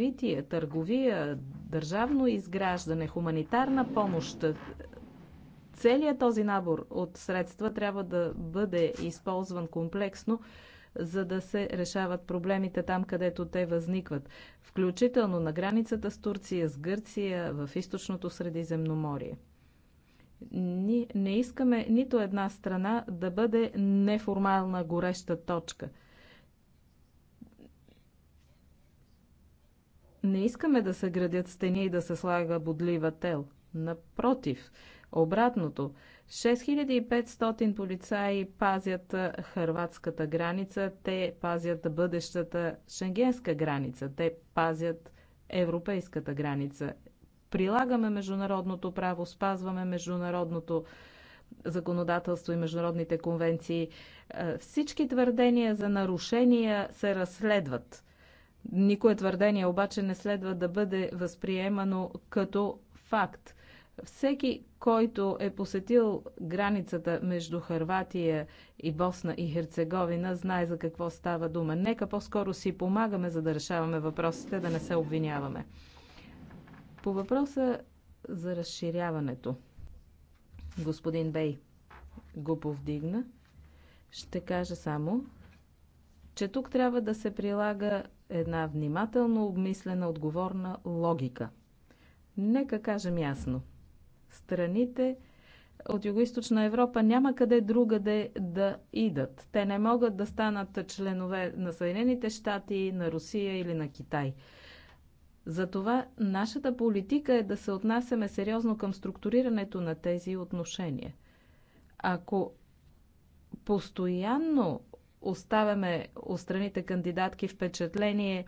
развитие, търговия, държавно изграждане, хуманитарна помощ, целият този набор от средства трябва да бъде използван комплексно, за да се решават проблемите там, където те възникват, включително на границата с Турция, с Гърция, в източното Средиземноморие. Ние не искаме нито една страна да бъде неформална гореща точка – не искаме да се градят стени и да се слага бодлива тел. Напротив, обратното. 6500 полицаи пазят хърватската граница, те пазят бъдещата шенгенска граница, те пазят европейската граница. Прилагаме международното право, спазваме международното законодателство и международните конвенции. Всички твърдения за нарушения се разследват. Никое твърдение обаче не следва да бъде възприемано като факт. Всеки, който е посетил границата между Харватия и Босна и Херцеговина, знае за какво става дума. Нека по-скоро си помагаме, за да решаваме въпросите, да не се обвиняваме. По въпроса за разширяването, господин Бей го повдигна, ще кажа само, че тук трябва да се прилага една внимателно обмислена, отговорна логика. Нека кажем ясно. Страните от Юго-Источна Европа няма къде другаде да идат. Те не могат да станат членове на Съединените щати, на Русия или на Китай. Затова нашата политика е да се отнасяме сериозно към структурирането на тези отношения. Ако постоянно оставяме страните кандидатки впечатление,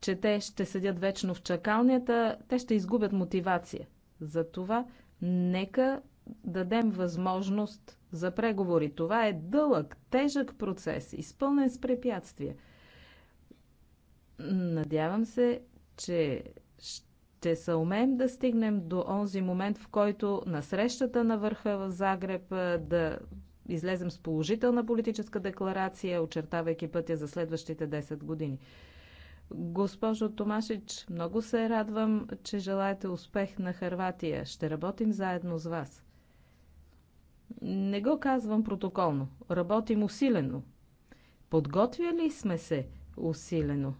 че те ще седят вечно в чакалнията, те ще изгубят мотивация. Затова нека дадем възможност за преговори. Това е дълъг, тежък процес, изпълнен с препятствия. Надявам се, че ще се умеем да стигнем до онзи момент, в който на срещата на върха в Загреб да излезем с положителна политическа декларация, очертавайки пътя за следващите 10 години. Госпожо Томашич, много се радвам, че желаете успех на Харватия. Ще работим заедно с вас. Не го казвам протоколно. Работим усилено. Подготвяли сме се усилено.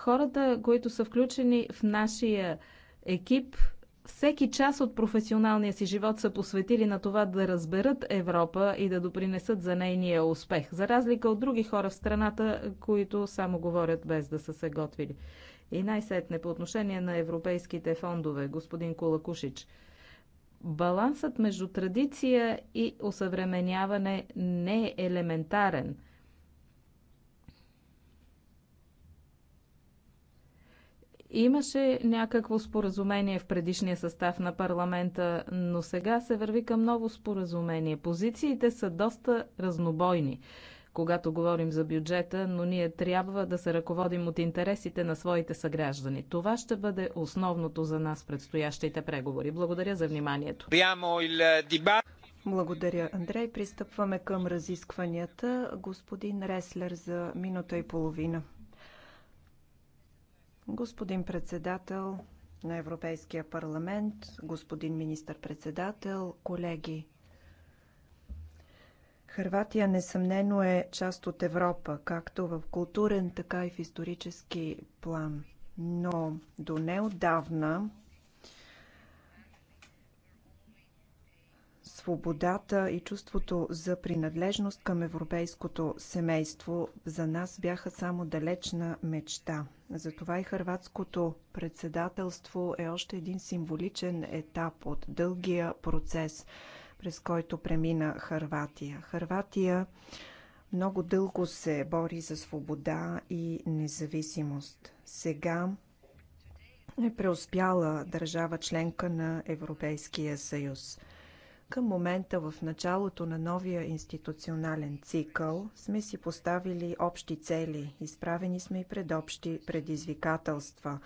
Хората, които са включени в нашия екип, всеки час от професионалния си живот са посветили на това да разберат Европа и да допринесат за нейния успех, за разлика от други хора в страната, които само говорят без да са се готвили. И най-сетне по отношение на европейските фондове, господин Кулакушич. Балансът между традиция и осъвременяване не е елементарен – Имаше някакво споразумение в предишния състав на парламента, но сега се върви към ново споразумение. Позициите са доста разнобойни, когато говорим за бюджета, но ние трябва да се ръководим от интересите на своите съграждани. Това ще бъде основното за нас предстоящите преговори. Благодаря за вниманието. Благодаря, Андрей. Пристъпваме към разискванията. Господин Реслер за минута и половина. Господин председател на Европейския парламент, господин министър-председател, колеги. Хърватия несъмнено е част от Европа, както в културен, така и в исторически план. Но до неодавна свободата и чувството за принадлежност към европейското семейство за нас бяха само далечна мечта. Затова и хърватското председателство е още един символичен етап от дългия процес, през който премина Хърватия. Хърватия много дълго се бори за свобода и независимост. Сега е преуспяла държава членка на Европейския съюз. Към момента в началото на новия институционален цикъл сме си поставили общи цели, изправени сме и пред общи предизвикателства,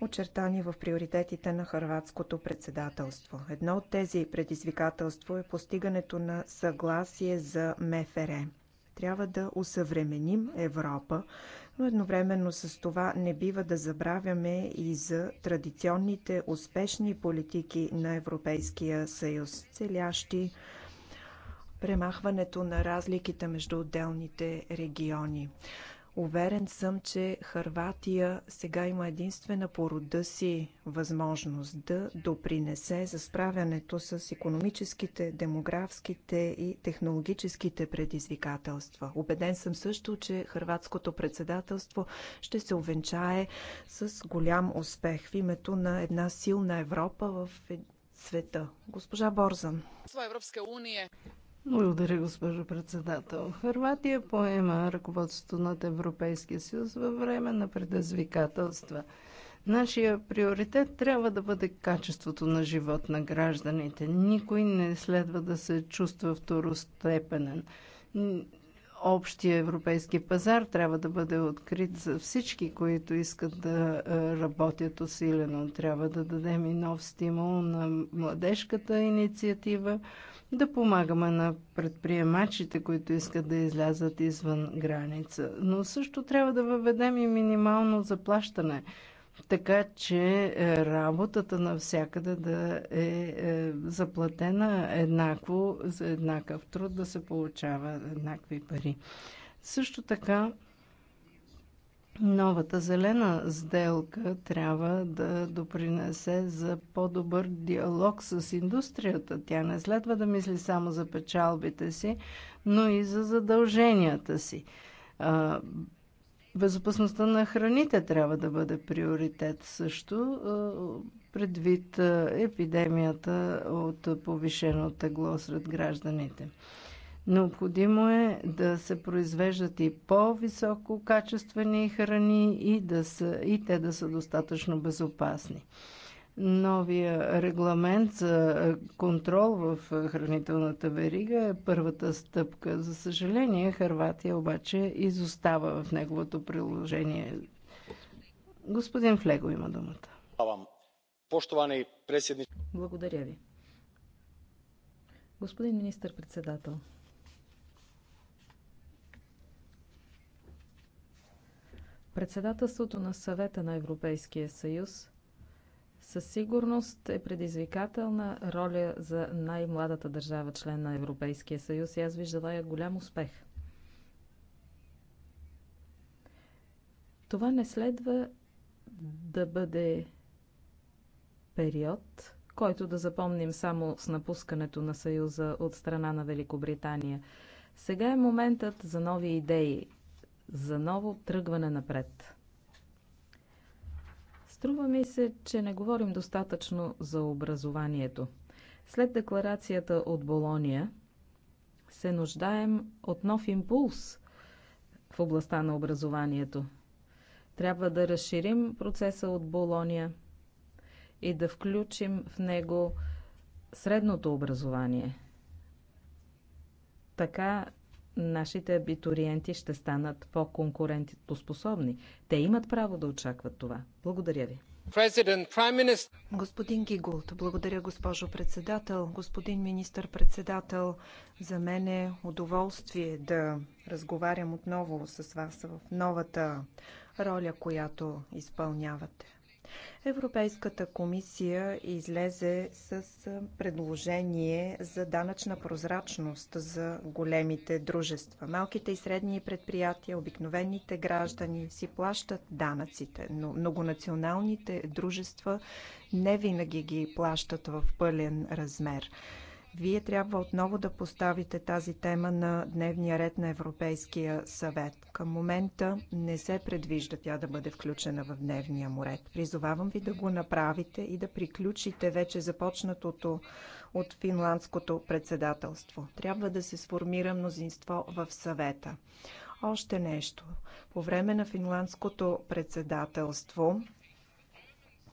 очертани в приоритетите на хърватското председателство. Едно от тези предизвикателства е постигането на съгласие за МФР. Трябва да усъвременим Европа, но едновременно с това не бива да забравяме и за традиционните успешни политики на Европейския съюз, целящи премахването на разликите между отделните региони. Уверен съм, че Харватия сега има единствена по рода си възможност да допринесе за справянето с економическите, демографските и технологическите предизвикателства. Обеден съм също, че Харватското председателство ще се увенчае с голям успех в името на една силна Европа в света. Госпожа Борзан. Благодаря, госпожо председател. Хърватия поема ръководството над Европейския съюз във време на предизвикателства. Нашия приоритет трябва да бъде качеството на живот на гражданите. Никой не следва да се чувства второстепенен. Общия европейски пазар трябва да бъде открит за всички, които искат да е, работят усилено. Трябва да дадем и нов стимул на младежката инициатива да помагаме на предприемачите, които искат да излязат извън граница. Но също трябва да въведем и минимално заплащане, така че е, работата навсякъде да е, е заплатена еднакво за еднакъв труд, да се получава еднакви пари. Също така Новата зелена сделка трябва да допринесе за по-добър диалог с индустрията. Тя не следва да мисли само за печалбите си, но и за задълженията си. Безопасността на храните трябва да бъде приоритет също, предвид епидемията от повишено тегло сред гражданите. Необходимо е да се произвеждат и по-високо качествени храни и, да са, и те да са достатъчно безопасни. Новия регламент за контрол в хранителната верига е първата стъпка. За съжаление, Харватия обаче изостава в неговото приложение. Господин Флего има думата. Благодаря ви. Господин министър-председател, Председателството на съвета на Европейския съюз със сигурност е предизвикателна роля за най-младата държава член на Европейския съюз и аз ви желая голям успех. Това не следва да бъде период, който да запомним само с напускането на Съюза от страна на Великобритания. Сега е моментът за нови идеи, за ново тръгване напред. Струва ми се, че не говорим достатъчно за образованието. След декларацията от Болония се нуждаем от нов импулс в областта на образованието. Трябва да разширим процеса от Болония и да включим в него средното образование. Така нашите абитуриенти ще станат по-конкурентоспособни. Те имат право да очакват това. Благодаря ви. Господин Гигулт, благодаря госпожо председател. Господин министър-председател, за мен е удоволствие да разговарям отново с вас в новата роля, която изпълнявате. Европейската комисия излезе с предложение за данъчна прозрачност за големите дружества. Малките и средни предприятия, обикновените граждани си плащат данъците, но многонационалните дружества не винаги ги плащат в пълен размер. Вие трябва отново да поставите тази тема на дневния ред на Европейския съвет. Към момента не се предвижда тя да бъде включена в дневния му ред. Призовавам ви да го направите и да приключите вече започнатото от финландското председателство. Трябва да се сформира мнозинство в съвета. Още нещо. По време на финландското председателство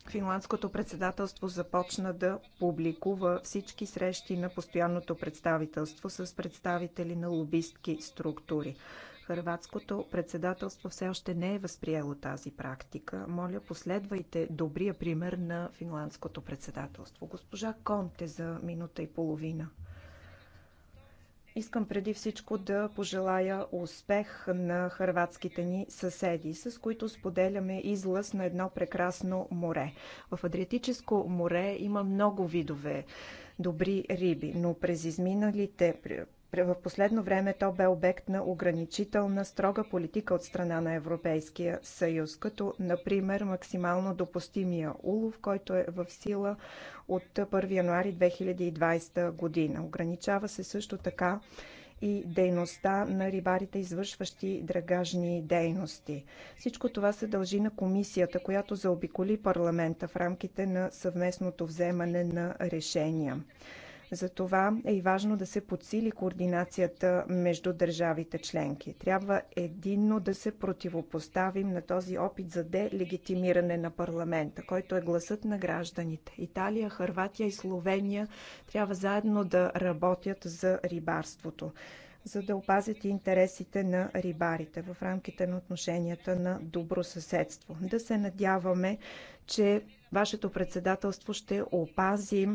Финландското председателство започна да публикува всички срещи на постоянното представителство с представители на лобистки структури. Хърватското председателство все още не е възприело тази практика. Моля, последвайте добрия пример на финландското председателство. Госпожа Конте за минута и половина. Искам преди всичко да пожелая успех на хърватските ни съседи, с които споделяме излъз на едно прекрасно море. В Адриатическо море има много видове добри риби, но през изминалите в последно време то бе обект на ограничителна строга политика от страна на Европейския съюз, като например максимално допустимия улов, който е в сила от 1 януари 2020 година. Ограничава се също така и дейността на рибарите, извършващи драгажни дейности. Всичко това се дължи на комисията, която заобиколи парламента в рамките на съвместното вземане на решения. Затова е и важно да се подсили координацията между държавите членки. Трябва единно да се противопоставим на този опит за делегитимиране на парламента, който е гласът на гражданите. Италия, Харватия и Словения трябва заедно да работят за рибарството за да опазят интересите на рибарите в рамките на отношенията на добро съседство. Да се надяваме, че вашето председателство ще опази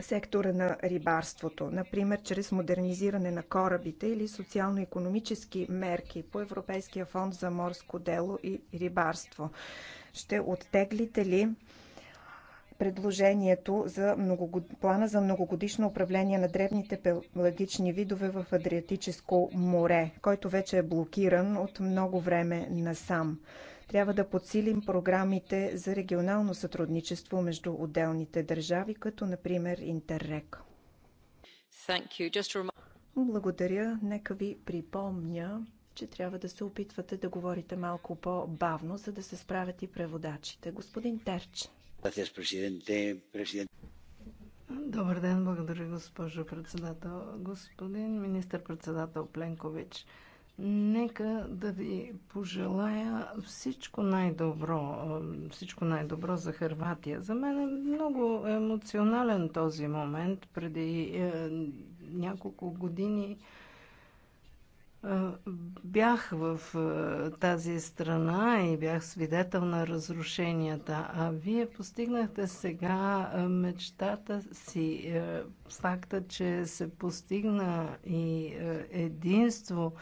сектора на рибарството, например чрез модернизиране на корабите или социално-економически мерки по Европейския фонд за морско дело и рибарство. Ще оттеглите ли предложението за многогод... плана за многогодишно управление на древните пелагични видове в Адриатическо море, който вече е блокиран от много време насам? Трябва да подсилим програмите за регионално сътрудничество между отделните държави, като например Интеррек. Благодаря. Нека ви припомня, че трябва да се опитвате да говорите малко по-бавно, за да се справят и преводачите. Господин Терч. Добър ден, благодаря, госпожо председател. Господин министър-председател Пленкович, Нека да ви пожелая всичко най-добро, всичко най-добро за Харватия. За мен е много емоционален този момент. Преди е, няколко години е, бях в е, тази страна и бях свидетел на разрушенията, а вие постигнахте сега е, мечтата си, е, факта, че се постигна и е, единство.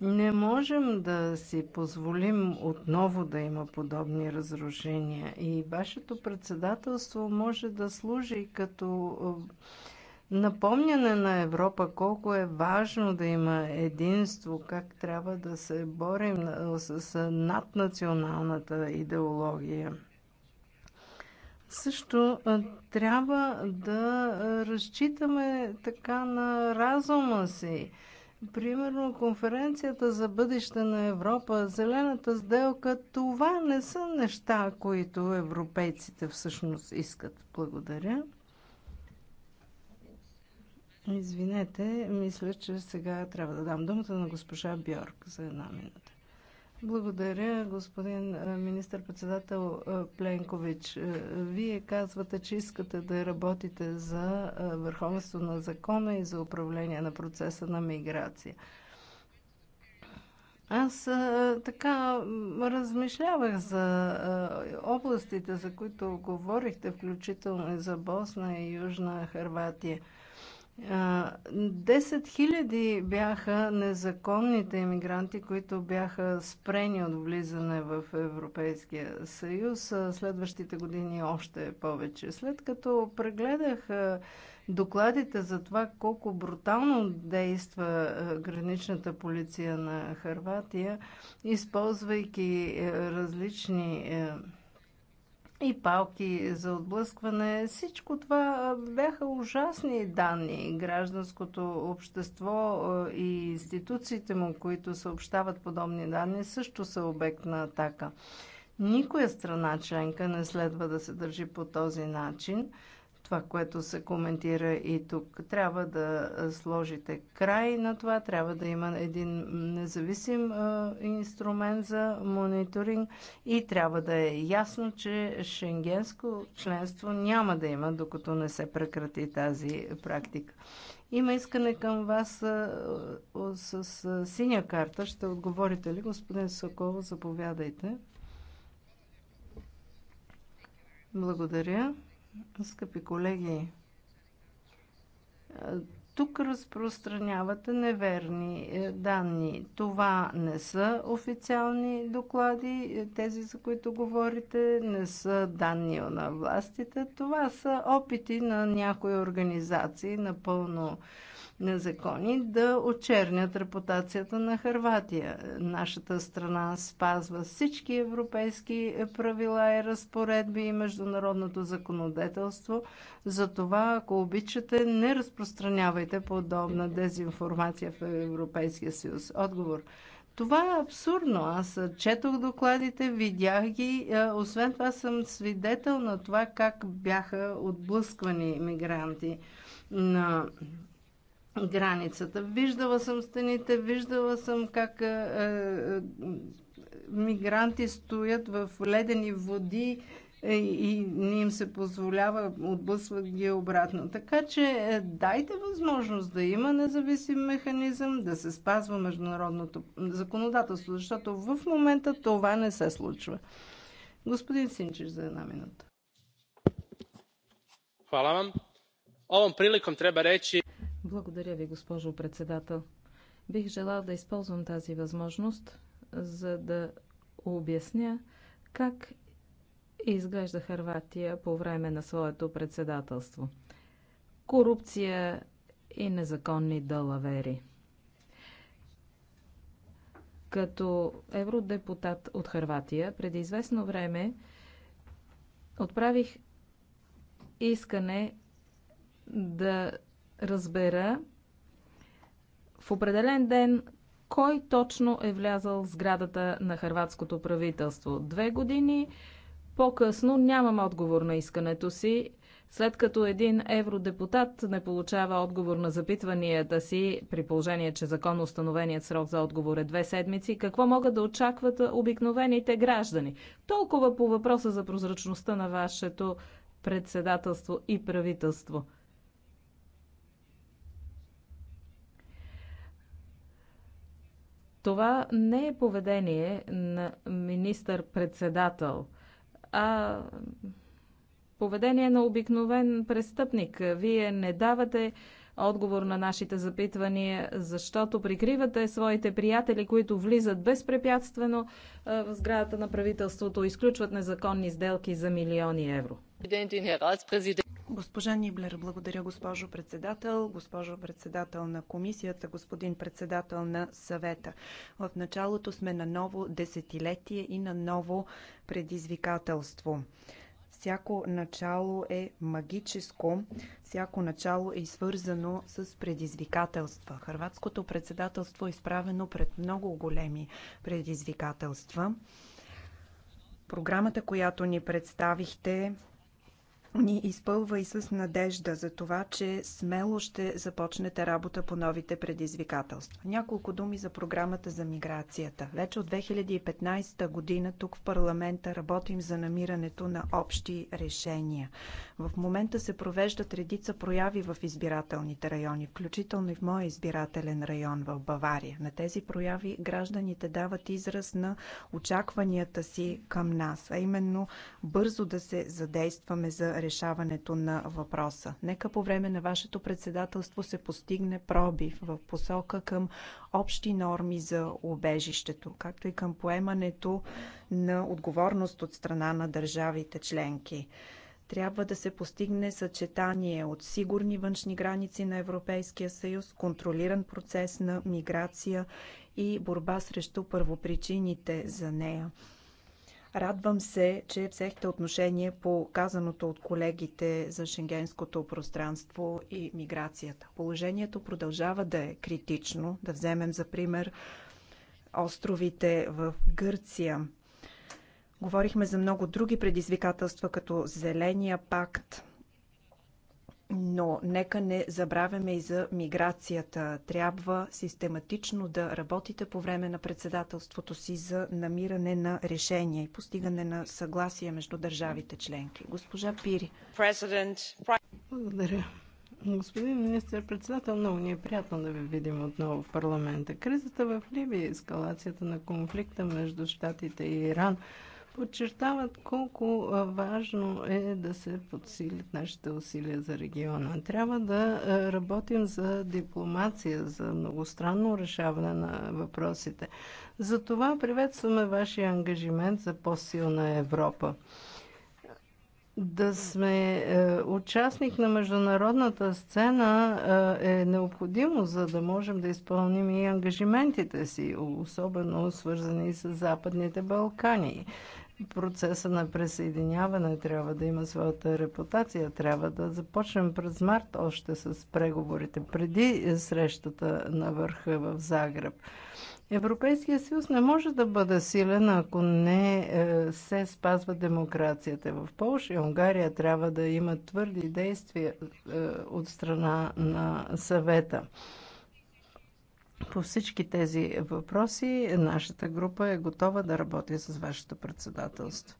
Не можем да си позволим отново да има подобни разрушения и вашето председателство може да служи като е, напомняне на Европа колко е важно да има единство, как трябва да се борим е, с наднационалната идеология. Също е, трябва да разчитаме така на разума си Примерно конференцията за бъдеще на Европа, зелената сделка, това не са неща, които европейците всъщност искат. Благодаря. Извинете, мисля, че сега трябва да дам думата на госпожа Бьорк за една минута. Благодаря, господин е, министър-председател е, Пленкович. Е, вие казвате, че искате да работите за върховенство на закона и за управление на процеса на миграция. Аз така размишлявах за областите, за които говорихте, включително и за Босна и Южна Харватия – 10 хиляди бяха незаконните иммигранти, които бяха спрени от влизане в Европейския съюз. Следващите години още повече. След като прегледах докладите за това колко брутално действа граничната полиция на Харватия, използвайки различни и палки за отблъскване. Всичко това бяха ужасни данни. Гражданското общество и институциите му, които съобщават подобни данни, също са обект на атака. Никоя страна членка не следва да се държи по този начин това, което се коментира и тук. Трябва да сложите край на това, трябва да има един независим инструмент за мониторинг и трябва да е ясно, че шенгенско членство няма да има, докато не се прекрати тази практика. Има искане към вас с синя карта. Ще отговорите ли, господин Соколов? Заповядайте. Благодаря. Скъпи колеги, тук разпространявате неверни е, данни. Това не са официални доклади, е, тези за които говорите, не са данни на властите. Това са опити на някои организации, напълно незакони, да очернят репутацията на Харватия. Нашата страна спазва всички европейски правила и разпоредби и международното законодателство. Затова, ако обичате, не разпространявайте подобна дезинформация в Европейския съюз. Отговор. Това е абсурдно. Аз четох докладите, видях ги. Е, освен това съм свидетел на това как бяха отблъсквани мигранти на границата. Виждала съм стените, виждала съм как а, е, а, е, мигранти стоят в ледени води е, и не им се позволява, отблъсват ги обратно. Така че дайте възможност да има независим механизъм, да се спазва международното законодателство, защото в момента това не се случва. Господин Синчиш за една минута. Хвала. вам. Ovom приликом треба речи... Благодаря ви, госпожо председател. Бих желал да използвам тази възможност, за да обясня как изглежда Харватия по време на своето председателство. Корупция и незаконни далавери. Като евродепутат от Харватия, преди известно време отправих искане да разбера в определен ден кой точно е влязал в сградата на хрватското правителство. Две години по-късно нямам отговор на искането си. След като един евродепутат не получава отговор на запитванията си, при положение, че законно установеният срок за отговор е две седмици, какво могат да очакват обикновените граждани? Толкова по въпроса за прозрачността на вашето председателство и правителство – Това не е поведение на министър-председател, а поведение на обикновен престъпник. Вие не давате отговор на нашите запитвания, защото прикривате своите приятели, които влизат безпрепятствено в сградата на правителството, изключват незаконни сделки за милиони евро. Госпожа Ниблер, благодаря госпожо председател, госпожо председател на комисията, господин председател на съвета. В началото сме на ново десетилетие и на ново предизвикателство. Всяко начало е магическо, всяко начало е свързано с предизвикателства. Хрватското председателство е изправено пред много големи предизвикателства. Програмата, която ни представихте, ни изпълва и с надежда за това, че смело ще започнете работа по новите предизвикателства. Няколко думи за програмата за миграцията. Вече от 2015 година тук в парламента работим за намирането на общи решения. В момента се провеждат редица прояви в избирателните райони, включително и в моя избирателен район в Бавария. На тези прояви гражданите дават израз на очакванията си към нас, а именно бързо да се задействаме за решаването на въпроса. Нека по време на вашето председателство се постигне пробив в посока към общи норми за убежището, както и към поемането на отговорност от страна на държавите членки трябва да се постигне съчетание от сигурни външни граници на Европейския съюз, контролиран процес на миграция и борба срещу първопричините за нея. Радвам се, че взехте отношение по казаното от колегите за шенгенското пространство и миграцията. Положението продължава да е критично. Да вземем за пример островите в Гърция. Говорихме за много други предизвикателства, като Зеления пакт, но нека не забравяме и за миграцията. Трябва систематично да работите по време на председателството си за намиране на решения и постигане на съгласие между държавите членки. Госпожа Пири. Благодаря. Господин министр-председател, много ни е приятно да ви видим отново в парламента. Кризата в Либия, ескалацията на конфликта между Штатите и Иран – подчертават колко важно е да се подсилят нашите усилия за региона. Трябва да работим за дипломация, за многостранно решаване на въпросите. Затова приветстваме вашия ангажимент за по-силна Европа да сме е, участник на международната сцена е, е необходимо, за да можем да изпълним и ангажиментите си, особено свързани с Западните Балкани процеса на присъединяване трябва да има своята репутация. Трябва да започнем през март още с преговорите, преди срещата на върха в Загреб. Европейския съюз не може да бъде силен, ако не е, се спазва демокрацията. В Польша и Унгария трябва да има твърди действия е, от страна на съвета. По всички тези въпроси нашата група е готова да работи с вашето председателство.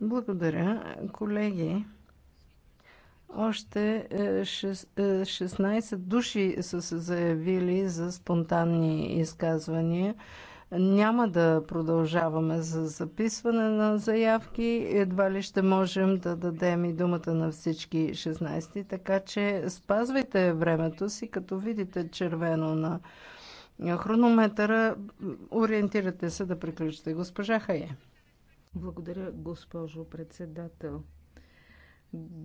Благодаря, колеги. Още 16 е, е, души са се заявили за спонтанни изказвания. Няма да продължаваме за записване на заявки. Едва ли ще можем да дадем и думата на всички 16, така че спазвайте времето си, като видите червено на хронометъра. Ориентирате се да приключите. Госпожа Хае. Благодаря, госпожо председател.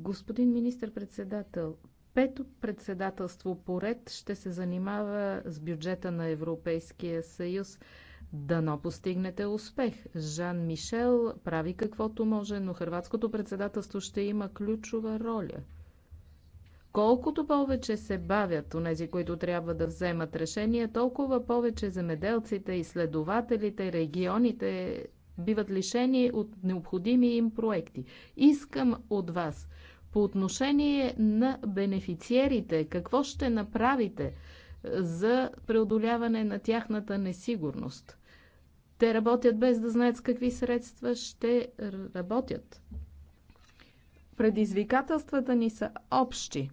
Господин министр-председател, пето председателство поред ще се занимава с бюджета на Европейския съюз. Дано постигнете успех. Жан Мишел прави каквото може, но хрватското председателство ще има ключова роля – Колкото повече се бавят нези, които трябва да вземат решение, толкова повече земеделците, изследователите, регионите биват лишени от необходими им проекти. Искам от вас по отношение на бенефициерите, какво ще направите е, за преодоляване на тяхната несигурност? Те работят без да знаят с какви средства ще работят. Предизвикателствата ни са общи.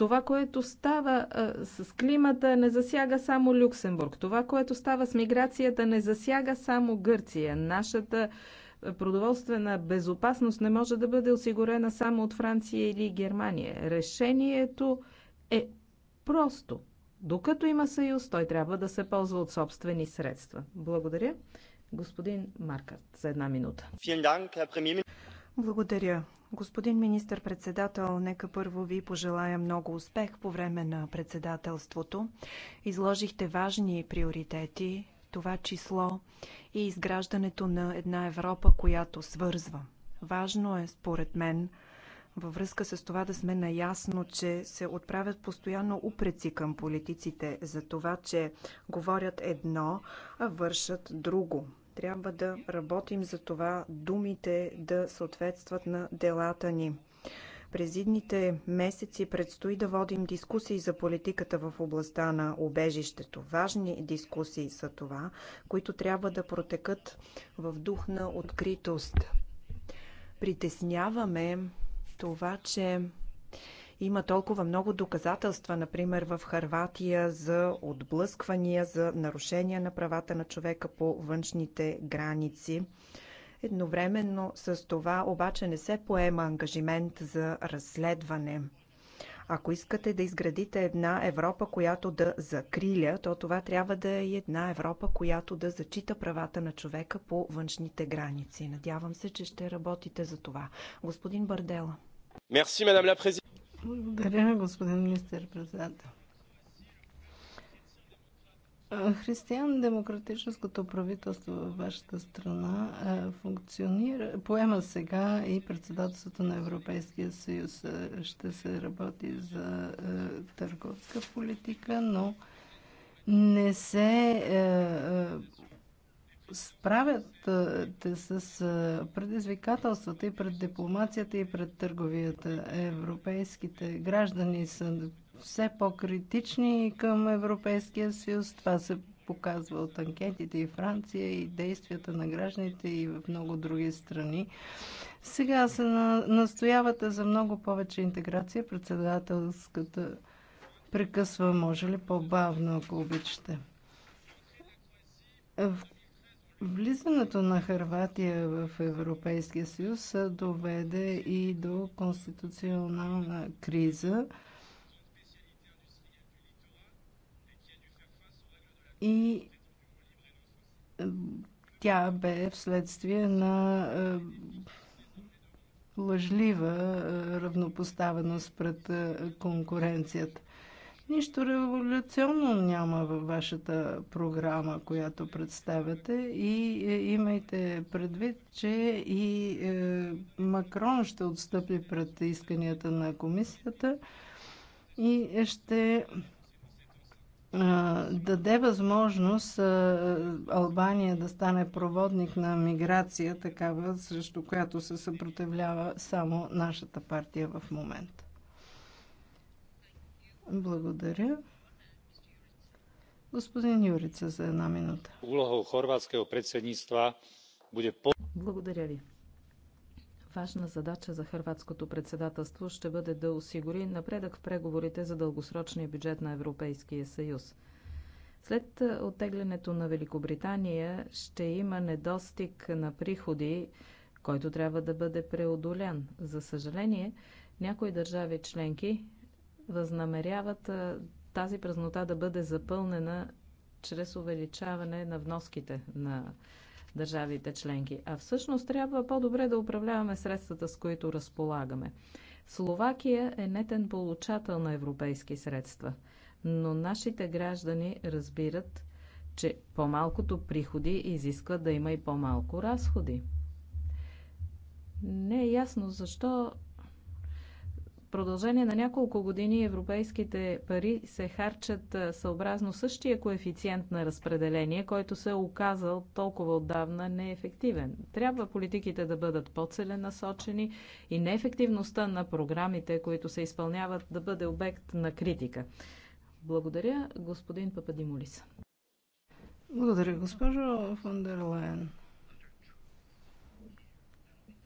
Това, което става а, с климата, не засяга само Люксембург. Това, което става с миграцията, не засяга само Гърция. Нашата продоволствена безопасност не може да бъде осигурена само от Франция или Германия. Решението е просто. Докато има съюз, той трябва да се ползва от собствени средства. Благодаря. Господин Маркарт, за една минута. Благодаря. Господин министър-председател, нека първо ви пожелая много успех по време на председателството. Изложихте важни приоритети, това число и изграждането на една Европа, която свързва. Важно е, според мен, във връзка с това да сме наясно, че се отправят постоянно упреци към политиците за това, че говорят едно, а вършат друго. Трябва да работим за това думите да съответстват на делата ни. През идните месеци предстои да водим дискусии за политиката в областта на обежището. Важни дискусии са това, които трябва да протекат в дух на откритост. Притесняваме това, че има толкова много доказателства, например в Харватия, за отблъсквания, за нарушения на правата на човека по външните граници. Едновременно с това обаче не се поема ангажимент за разследване. Ако искате да изградите една Европа, която да закриля, то това трябва да е една Европа, която да зачита правата на човека по външните граници. Надявам се, че ще работите за това. Господин Бардела. Мерси, мадам ла благодаря, господин министър-председател. Християн-демократическото правителство във вашата страна функционира, поема сега и председателството на Европейския съюз. Ще се работи за търговска политика, но не се справят те с предизвикателствата и пред дипломацията и пред търговията. Европейските граждани са все по-критични към Европейския съюз. Това се показва от анкетите и Франция и действията на гражданите и в много други страни. Сега се на... настоявате за много повече интеграция. Председателската прекъсва, може ли по-бавно, ако обичате. В Влизането на Харватия в Европейския съюз доведе и до конституционална криза. И е, тя бе вследствие на е, лъжлива е, равнопоставеност пред конкуренцията. Нищо революционно няма във вашата програма, която представяте и е, имайте предвид, че и е, Макрон ще отстъпи пред исканията на комисията и ще е, даде възможност Албания да стане проводник на миграция, такава срещу която се съпротивлява само нашата партия в момента. Благодаря. Господин Юрица за една минута. Úlohou chorvátskeho predsedníctva по... Благодаря ви. Важна задача за хрватското председателство ще бъде да осигури напредък в преговорите за дългосрочния бюджет на Европейския съюз. След оттеглянето на Великобритания ще има недостиг на приходи, който трябва да бъде преодолян. За съжаление, някои държави членки възнамеряват тази празнота да бъде запълнена чрез увеличаване на вноските на държавите членки. А всъщност трябва по-добре да управляваме средствата, с които разполагаме. Словакия е нетен получател на европейски средства, но нашите граждани разбират, че по-малкото приходи изисква да има и по-малко разходи. Не е ясно защо продължение на няколко години европейските пари се харчат съобразно същия коефициент на разпределение, който се е оказал толкова отдавна неефективен. Трябва политиките да бъдат по-целенасочени и неефективността на програмите, които се изпълняват, да бъде обект на критика. Благодаря, господин Пападимулис. Благодаря, госпожо Фондерлен.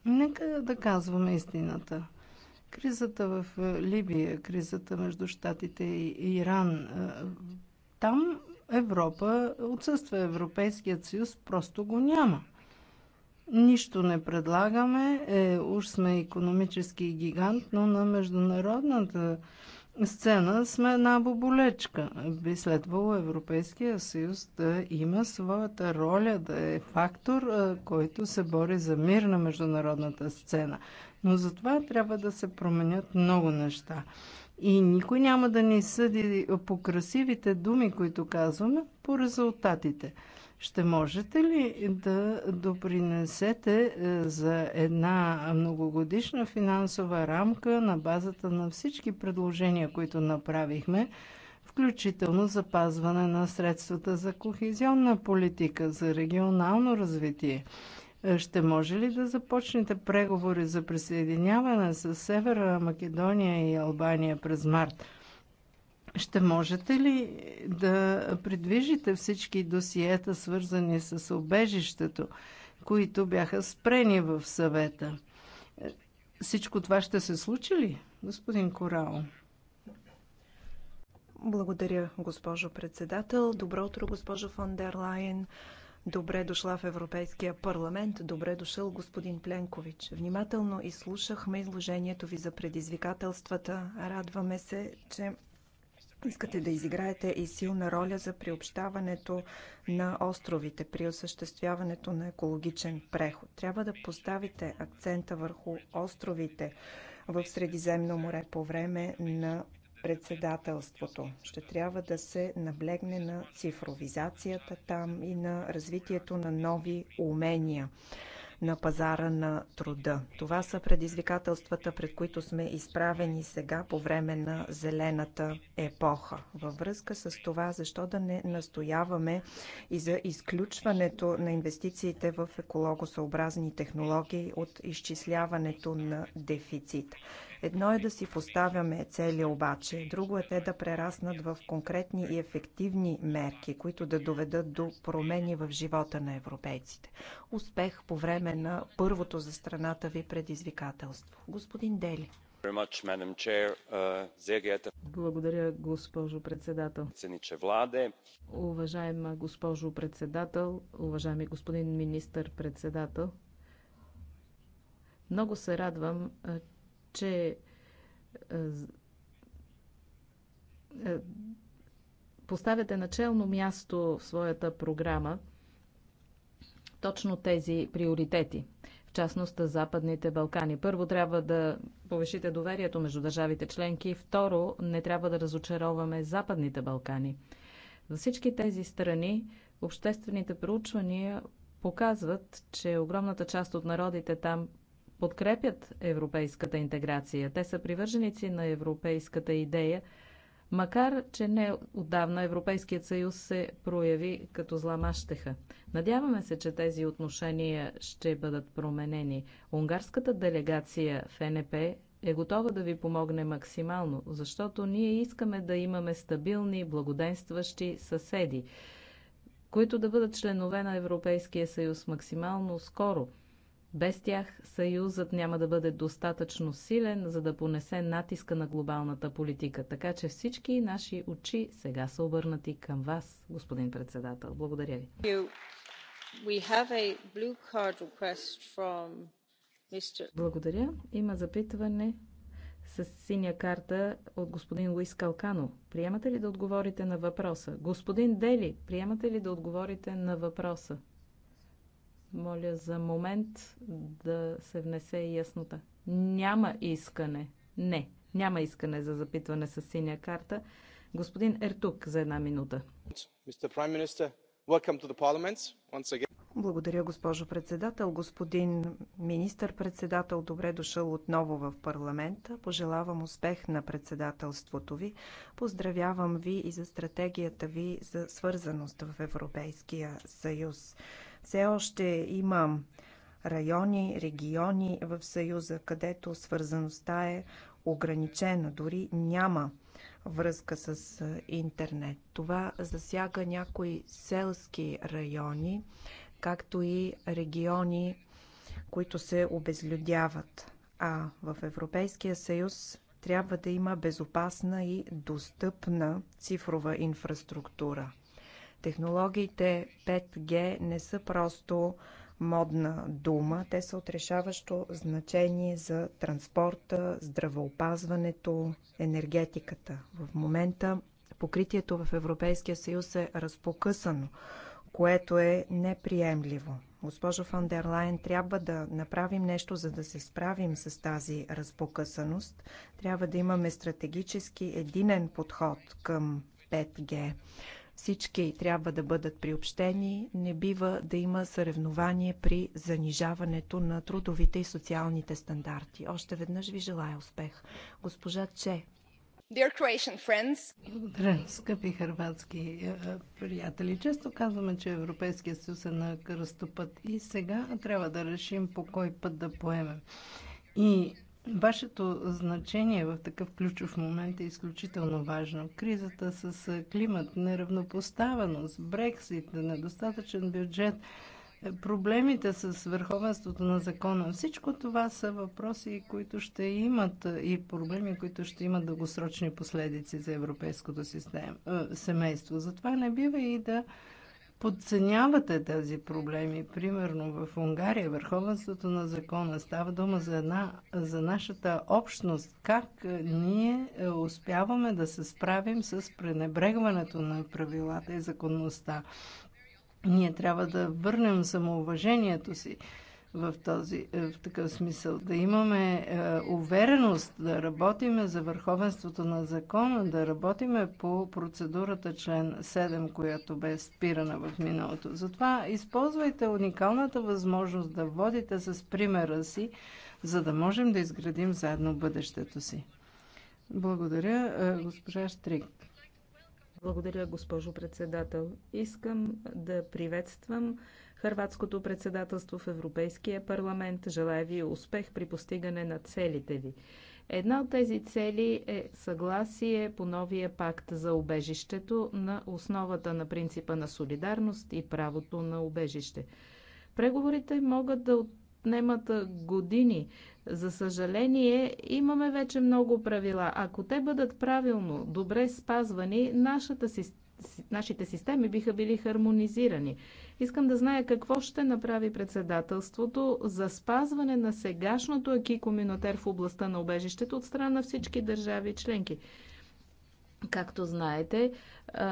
Нека да казваме истината. Кризата в е, Либия, кризата между Штатите и Иран. Е, там Европа отсъства. Европейският съюз просто го няма. Нищо не предлагаме. Е, уж сме економически гигант, но на международната сцена сме една боболечка. Би следвало Европейския съюз да има своята роля, да е фактор, е, който се бори за мир на международната сцена. Но за това трябва да се променят много неща. И никой няма да ни съди по красивите думи, които казваме, по резултатите. Ще можете ли да допринесете е, за една многогодишна финансова рамка на базата на всички предложения, които направихме, включително запазване на средствата за кохезионна политика, за регионално развитие? Ще може ли да започнете преговори за присъединяване с Севера Македония и Албания през март? Ще можете ли да придвижите всички досиета, свързани с обежището, които бяха спрени в съвета? Всичко това ще се случи ли, господин Корал? Благодаря, госпожо председател. Добро утро, госпожо фон дер Лайен. Добре дошла в Европейския парламент. Добре дошъл господин Пленкович. Внимателно изслушахме изложението ви за предизвикателствата. Радваме се, че искате да изиграете и силна роля за приобщаването на островите при осъществяването на екологичен преход. Трябва да поставите акцента върху островите в Средиземно море по време на председателството. Ще трябва да се наблегне на цифровизацията там и на развитието на нови умения на пазара на труда. Това са предизвикателствата, пред които сме изправени сега по време на зелената епоха. Във връзка с това, защо да не настояваме и за изключването на инвестициите в екологосъобразни технологии от изчисляването на дефицит. Едно е да си поставяме цели обаче, друго е те да прераснат в конкретни и ефективни мерки, които да доведат до промени в живота на европейците. Успех по време на първото за страната ви предизвикателство. Господин Дели. Uh, Благодаря, госпожо председател. Уважаема госпожо председател, уважаеми господин министър председател, много се радвам, че поставяте начално място в своята програма точно тези приоритети, в частност Западните Балкани. Първо трябва да повишите доверието между държавите членки, второ не трябва да разочароваме Западните Балкани. Във всички тези страни обществените проучвания показват, че огромната част от народите там подкрепят европейската интеграция. Те са привърженици на европейската идея, макар че не отдавна Европейският съюз се прояви като зламащеха. Надяваме се, че тези отношения ще бъдат променени. Унгарската делегация в НП е готова да ви помогне максимално, защото ние искаме да имаме стабилни, благоденстващи съседи, които да бъдат членове на Европейския съюз максимално скоро – без тях Съюзът няма да бъде достатъчно силен, за да понесе натиска на глобалната политика. Така че всички наши очи сега са обърнати към вас, господин председател. Благодаря ви. Благодаря. Има запитване с синя карта от господин Луис Калкано. Приемате ли да отговорите на въпроса? Господин Дели, приемате ли да отговорите на въпроса? Моля за момент да се внесе яснота. Няма искане. Не, няма искане за запитване с синя карта. Господин Ертук за една минута. Благодаря, госпожо председател. Господин министър-председател, добре дошъл отново в парламента. Пожелавам успех на председателството ви. Поздравявам ви и за стратегията ви за свързаност в Европейския съюз. Все още има райони, региони в Съюза, където свързаността е ограничена, дори няма връзка с интернет. Това засяга някои селски райони, както и региони, които се обезлюдяват. А в Европейския съюз трябва да има безопасна и достъпна цифрова инфраструктура – Технологиите 5G не са просто модна дума. Те са отрешаващо значение за транспорта, здравеопазването, енергетиката. В момента покритието в Европейския съюз е разпокъсано, което е неприемливо. Госпожо Фандерлайн, трябва да направим нещо, за да се справим с тази разпокъсаност. Трябва да имаме стратегически единен подход към 5G. Всички трябва да бъдат приобщени. Не бива да има съревнование при занижаването на трудовите и социалните стандарти. Още веднъж ви желая успех. Госпожа Че. Dear Croatian friends. Благодаря, скъпи харватски е, е, приятели. Често казваме, че Европейския съюз е на кръстопът и сега трябва да решим по кой път да поемем. И Вашето значение в такъв ключов момент е изключително важно. Кризата с климат, неравнопоставеност, Брексит, недостатъчен бюджет, е, проблемите с върховенството на закона, всичко това са въпроси, които ще имат и проблеми, които ще имат дългосрочни последици за европейското систем, семейство. Затова не бива и да подценявате тези проблеми. Примерно в Унгария върховенството на закона става дума за, една, за нашата общност. Как е, ние е, успяваме да се справим с пренебрегването на правилата и законността? Ние трябва да върнем самоуважението си в, този, е, в такъв смисъл. Да имаме е, увереност да работиме за върховенството на закона, да работиме по процедурата член 7, която бе спирана в миналото. Затова използвайте уникалната възможност да водите с примера си, за да можем да изградим заедно бъдещето си. Благодаря, е, госпожа Штрик. Благодаря, госпожо председател. Искам да приветствам Хърватското председателство в Европейския парламент. Желая ви успех при постигане на целите ви. Една от тези цели е съгласие по новия пакт за убежището на основата на принципа на солидарност и правото на убежище. Преговорите могат да отнемат години. За съжаление, имаме вече много правила. Ако те бъдат правилно, добре спазвани, нашата, нашите системи биха били хармонизирани. Искам да зная какво ще направи председателството за спазване на сегашното аки коминотер в областта на убежището от страна на всички държави и членки. Както знаете,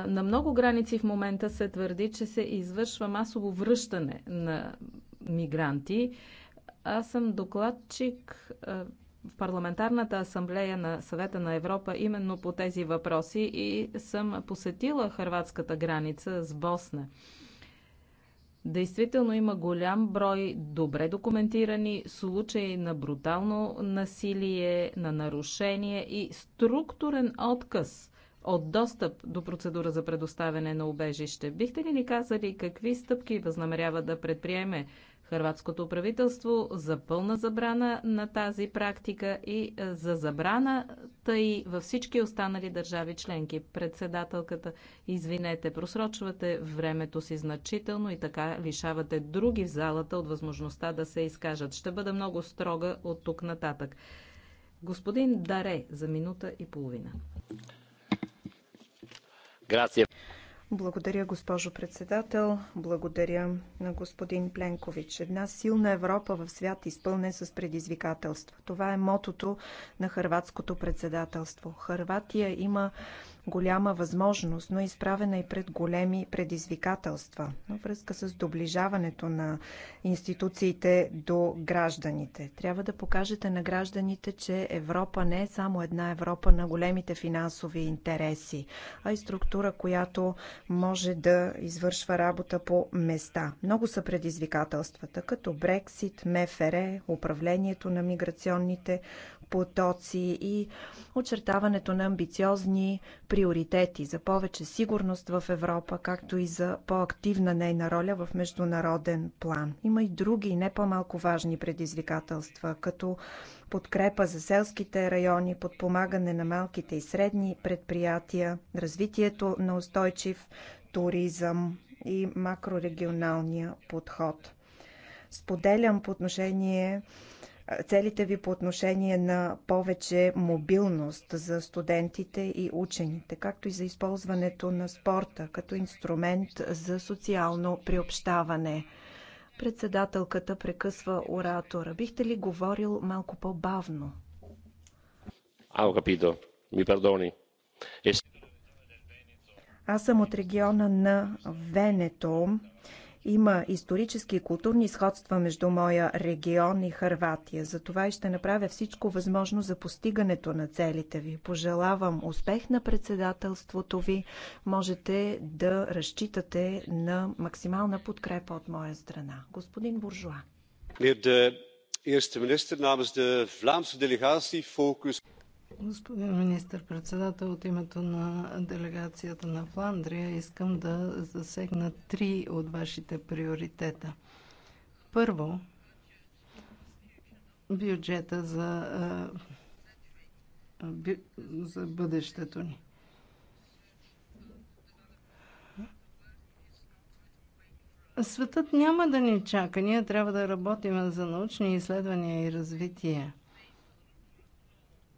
на много граници в момента се твърди, че се извършва масово връщане на мигранти. Аз съм докладчик в парламентарната асамблея на съвета на Европа именно по тези въпроси и съм посетила хърватската граница с Босна. Действително има голям брой добре документирани случаи на брутално насилие, на нарушение и структурен отказ от достъп до процедура за предоставяне на убежище. Бихте ли ни казали какви стъпки възнамерява да предприеме хрватското правителство за пълна забрана на тази практика и за забрана та и във всички останали държави членки. Председателката, извинете, просрочвате времето си значително и така лишавате други в залата от възможността да се изкажат. Ще бъда много строга от тук нататък. Господин Даре за минута и половина. Грация. Благодаря, госпожо председател. Благодаря на господин Пленкович. Една силна Европа в свят изпълнен с предизвикателства. Това е мотото на хърватското председателство. Хърватия има голяма възможност, но е изправена и пред големи предизвикателства във връзка с доближаването на институциите до гражданите. Трябва да покажете на гражданите, че Европа не е само една Европа на големите финансови интереси, а и структура, която може да извършва работа по места. Много са предизвикателствата, като Брексит, МФР, управлението на миграционните потоци и очертаването на амбициозни приоритети за повече сигурност в Европа, както и за по-активна нейна роля в международен план. Има и други, не по-малко важни предизвикателства, като подкрепа за селските райони, подпомагане на малките и средни предприятия, развитието на устойчив туризъм и макрорегионалния подход. Споделям по отношение целите ви по отношение на повече мобилност за студентите и учените, както и за използването на спорта като инструмент за социално приобщаване. Председателката прекъсва оратора. Бихте ли говорил малко по-бавно? Ао, капито. Ми пердони. Аз съм от региона на Венето има исторически и културни сходства между моя регион и Харватия. Затова и ще направя всичко възможно за постигането на целите ви. Пожелавам успех на председателството ви. Можете да разчитате на максимална подкрепа от моя страна. Господин Буржуа. eerste minister, namens de Vlaamse delegatie focus. Господин министър-председател, от името на делегацията на Фландрия искам да засегна три от вашите приоритета. Първо, бюджета за, за бъдещето ни. Светът няма да ни чака. Ние трябва да работим за научни изследвания и развитие.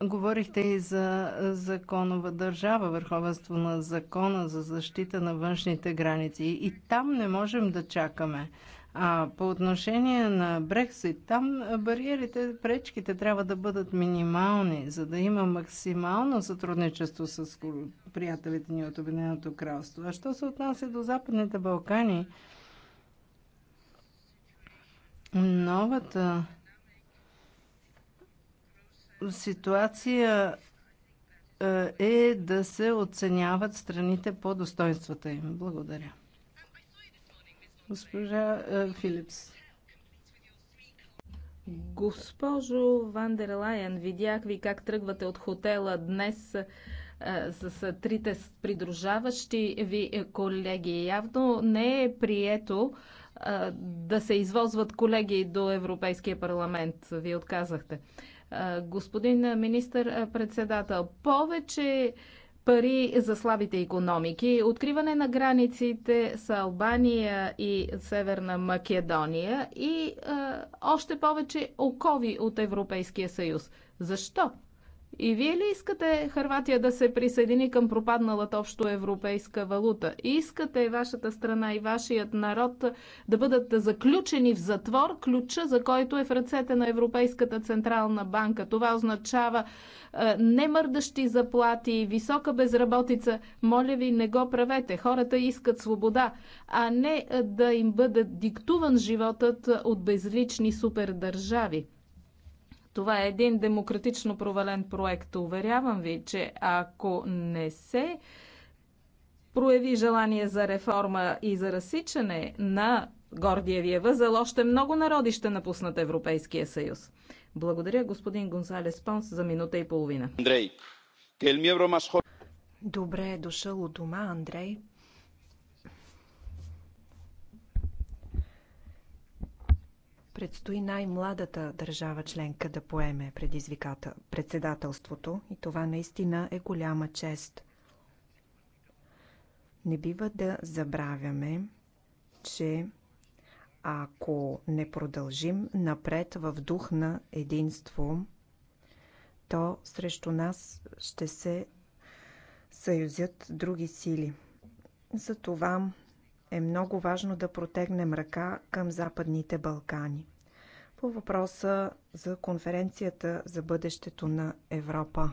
Говорихте и за законова държава, върховенство на закона за защита на външните граници. И там не можем да чакаме. А по отношение на Брексит, там бариерите, пречките трябва да бъдат минимални, за да има максимално сътрудничество с приятелите ни от Обединеното кралство. А що се отнася до Западните Балкани, новата ситуация е, е да се оценяват страните по достоинствата им. Благодаря. Госпожа е, Филипс. Госпожо Вандерлайен, видях ви как тръгвате от хотела днес е, с трите придружаващи ви колеги. Явно не е прието да се извозват колеги до Европейския парламент. Вие отказахте. Господин министър-председател, повече пари за слабите економики, откриване на границите с Албания и Северна Македония и още повече окови от Европейския съюз. Защо? И вие ли искате Харватия да се присъедини към пропадналата общо европейска валута? И искате вашата страна и вашият народ да бъдат заключени в затвор, ключа за който е в ръцете на Европейската централна банка. Това означава е, немърдащи заплати, висока безработица. Моля ви, не го правете. Хората искат свобода, а не е, да им бъде диктуван животът от безлични супердържави. Това е един демократично провален проект. Уверявам ви, че ако не се прояви желание за реформа и за разсичане на Гордиевия възел, още много народи ще напуснат Европейския съюз. Благодаря господин Гонсалес Понс за минута и половина. Андрей, Добре е дошъл от дома, Андрей. Предстои най-младата държава членка да поеме предизвиката председателството и това наистина е голяма чест. Не бива да забравяме, че ако не продължим напред в дух на единство, то срещу нас ще се съюзят други сили. Затова е много важно да протегнем ръка към Западните Балкани. По въпроса за конференцията за бъдещето на Европа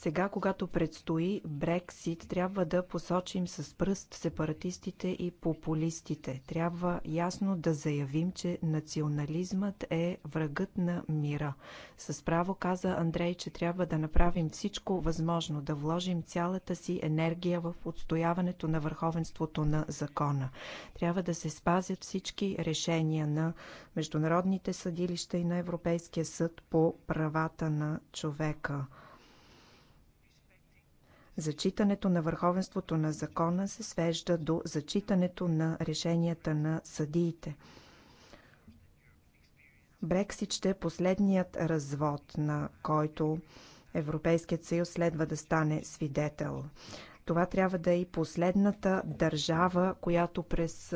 Сега, когато предстои Брексит, трябва да посочим с пръст сепаратистите и популистите. Трябва ясно да заявим, че национализмът е врагът на мира. С право каза Андрей, че трябва да направим всичко възможно, да вложим цялата си енергия в отстояването на върховенството на закона. Трябва да се спазят всички решения на международните съдилища и на Европейския съд по правата на човека. Зачитането на върховенството на закона се свежда до зачитането на решенията на съдиите. Брексит ще е последният развод, на който Европейският съюз следва да стане свидетел. Това трябва да е и последната държава, която през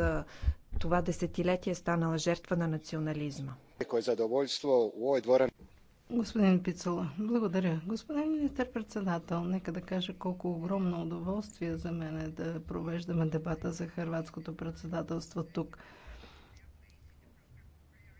това десетилетие е станала жертва на национализма. Господин Пицала, благодаря. Господин министър-председател, нека да кажа колко огромно удоволствие за мен е да провеждаме дебата за хрватското председателство тук.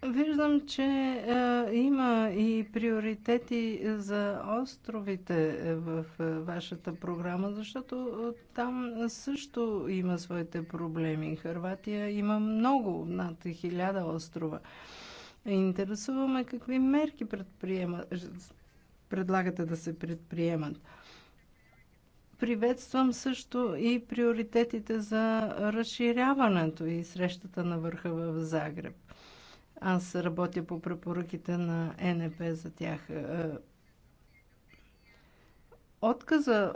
Виждам, че е, има и приоритети за островите в е, вашата програма, защото е, там също има своите проблеми. Хърватия има много, над хиляда острова. Е, Интересуваме какви мерки предлагате да се предприемат. Приветствам също и приоритетите за разширяването и срещата на върха в Загреб. Аз работя по препоръките на НП за тях. Е, Отказа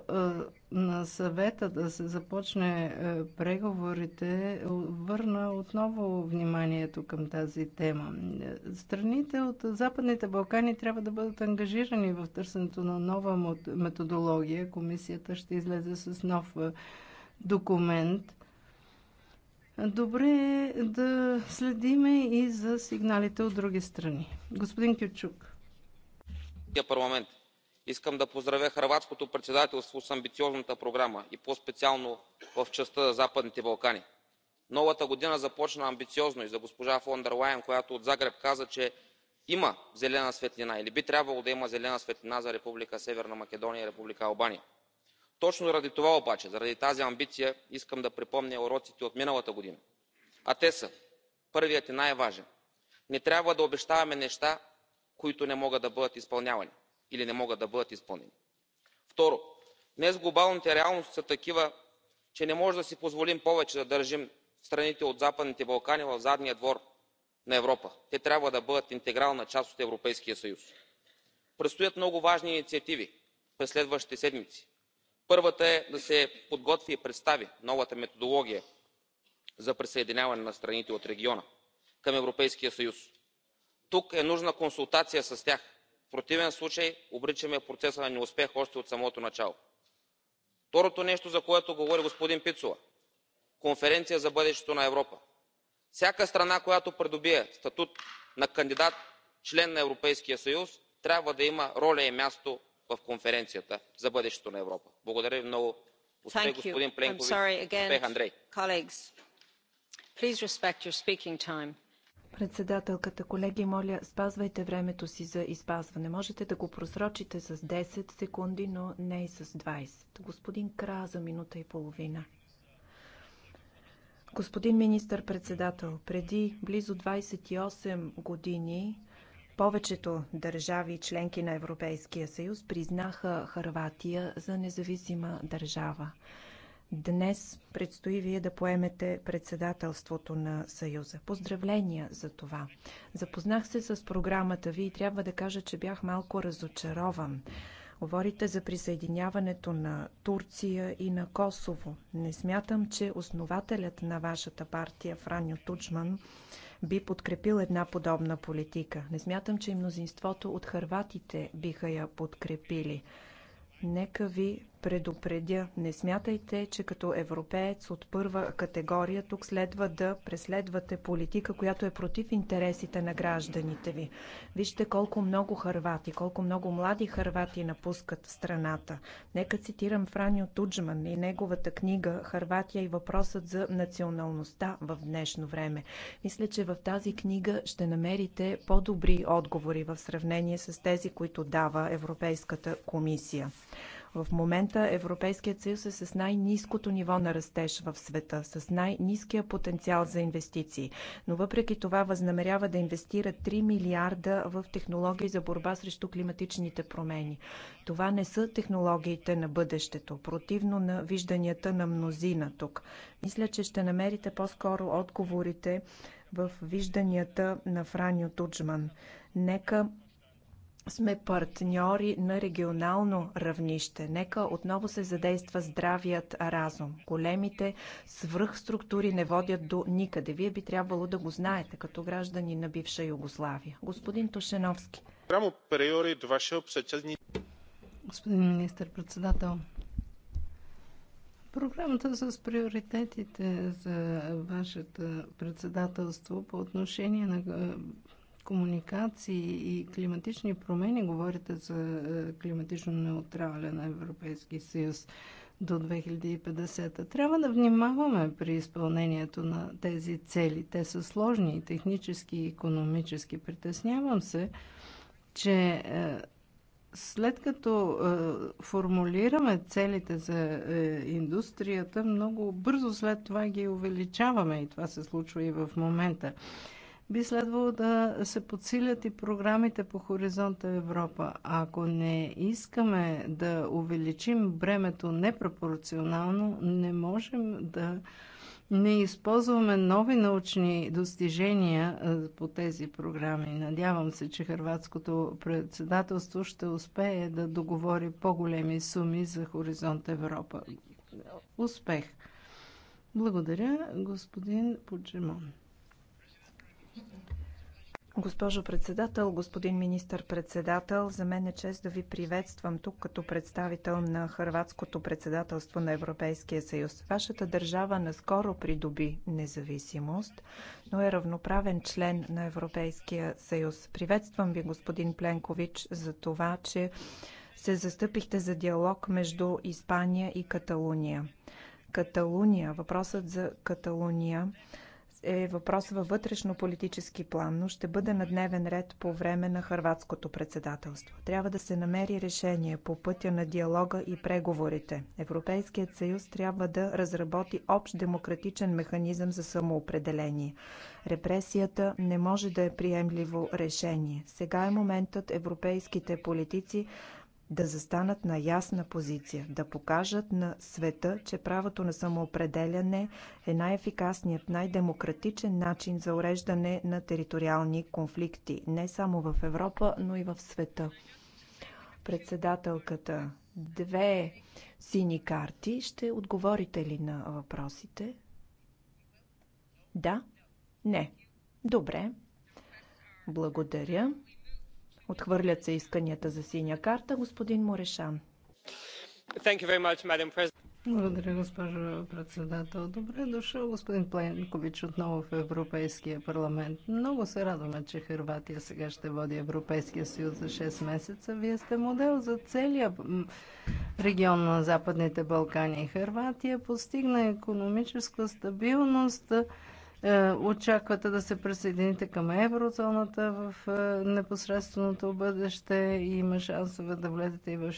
на съвета да се започне преговорите е, върна отново вниманието към тази тема. Страните от Западните Балкани трябва да бъдат ангажирани в търсенето на нова методология. Комисията ще излезе с нов документ. Добре е да следиме и за сигналите от други страни. Господин Кючук. Парламент искам да поздравя хърватското председателство с амбициозната програма и по специално в частта за западните балкани. новата година започна амбициозно и за госпожа фон дер лайен която от загреб каза че има зелена светлина или би трябвало да има зелена светлина за република северна македония и република албания. точно заради това обаче заради тази амбиция искам да припомня уроците от миналата година а те са първият и най важен не трябва да обещаваме неща които не могат да бъдат изпълнявани или не могат да бъдат изпълнени. второ днес глобалните реалности са такива че не можем да си позволим повече да държим страните от западните балкани в задния двор на европа. те трябва да бъдат интегрална част от европейския съюз. предстоят много важни инициативи през следващите седмици. първата е да се подготви и представи новата методология за присъединяване на страните от региона към европейския съюз. тук е нужна консултация с тях в противен случай обричаме процеса на неуспех още от самото начало. второто нещо за което говори господин Пицова, конференция за бъдещето на европа. всяка страна която придобие статут на кандидат член на европейския съюз трябва да има роля и място в конференцията за бъдещето на европа. благодаря ви много. успех господин пленкович! успех андрей! Председателката, колеги, моля, спазвайте времето си за изпазване. Можете да го просрочите с 10 секунди, но не и с 20. Господин Кра за минута и половина. Господин министър-председател, преди близо 28 години повечето държави, членки на Европейския съюз, признаха Харватия за независима държава. Днес предстои вие да поемете председателството на Съюза. Поздравления за това. Запознах се с програмата ви и трябва да кажа, че бях малко разочарован. Говорите за присъединяването на Турция и на Косово. Не смятам, че основателят на вашата партия, Франьо Тучман, би подкрепил една подобна политика. Не смятам, че и мнозинството от хърватите биха я подкрепили. Нека ви предупредя. Не смятайте, че като европеец от първа категория тук следва да преследвате политика, която е против интересите на гражданите ви. Вижте колко много хървати, колко много млади хървати напускат страната. Нека цитирам Франио Туджман и неговата книга «Харватия и въпросът за националността в днешно време». Мисля, че в тази книга ще намерите по-добри отговори в сравнение с тези, които дава Европейската комисия. В момента Европейският съюз е с най-низкото ниво на растеж в света, с най-низкия потенциал за инвестиции. Но въпреки това възнамерява да инвестира 3 милиарда в технологии за борба срещу климатичните промени. Това не са технологиите на бъдещето, противно на вижданията на мнозина тук. Мисля, че ще намерите по-скоро отговорите в вижданията на Франио Туджман. Нека сме партньори на регионално равнище. Нека отново се задейства здравият разум. Големите свръхструктури не водят до никъде. Вие би трябвало да го знаете като граждани на бивша Югославия. Господин Тошеновски. Прямо приори до вашето обсъчезни... Господин министр-председател, Програмата с приоритетите за вашето председателство по отношение на комуникации и климатични промени, говорите за е, климатично неутрален Европейски съюз до 2050. Трябва да внимаваме при изпълнението на тези цели. Те са сложни и технически, и економически. Притеснявам се, че е, след като е, формулираме целите за индустрията, много бързо след това ги увеличаваме и това се случва и в момента би следвало да се подсилят и програмите по Хоризонта Европа. Ако не искаме да увеличим бремето непропорционално, не можем да не използваме нови научни достижения по тези програми. Надявам се, че хрватското председателство ще успее да договори по-големи суми за Хоризонт Европа. Успех! Благодаря, господин Пуджимон. Госпожо председател, господин министър-председател, за мен е чест да ви приветствам тук като представител на Хърватското председателство на Европейския съюз. Вашата държава наскоро придоби независимост, но е равноправен член на Европейския съюз. Приветствам ви, господин Пленкович, за това, че се застъпихте за диалог между Испания и Каталуния. Каталуния, въпросът за Каталуния е въпрос във вътрешно политически план, но ще бъде на дневен ред по време на хърватското председателство. Трябва да се намери решение по пътя на диалога и преговорите. Европейският съюз трябва да разработи общ демократичен механизъм за самоопределение. Репресията не може да е приемливо решение. Сега е моментът европейските политици да застанат на ясна позиция, да покажат на света, че правото на самоопределяне е най-ефикасният, най-демократичен начин за уреждане на териториални конфликти, не само в Европа, но и в света. Председателката, две сини карти. Ще отговорите ли на въпросите? Да? Не. Добре. Благодаря. Отхвърлят се исканията за синя карта. Господин Морешан. Much, Благодаря, госпожо председател. Добре дошъл, господин Пленкович, отново в Европейския парламент. Много се радваме, че Хрватия сега ще води Европейския съюз за 6 месеца. Вие сте модел за целия регион на Западните Балкани. Хрватия постигна економическа стабилност, е, очаквате да се присъедините към еврозоната в е, непосредственото бъдеще и има шансове да влезете и в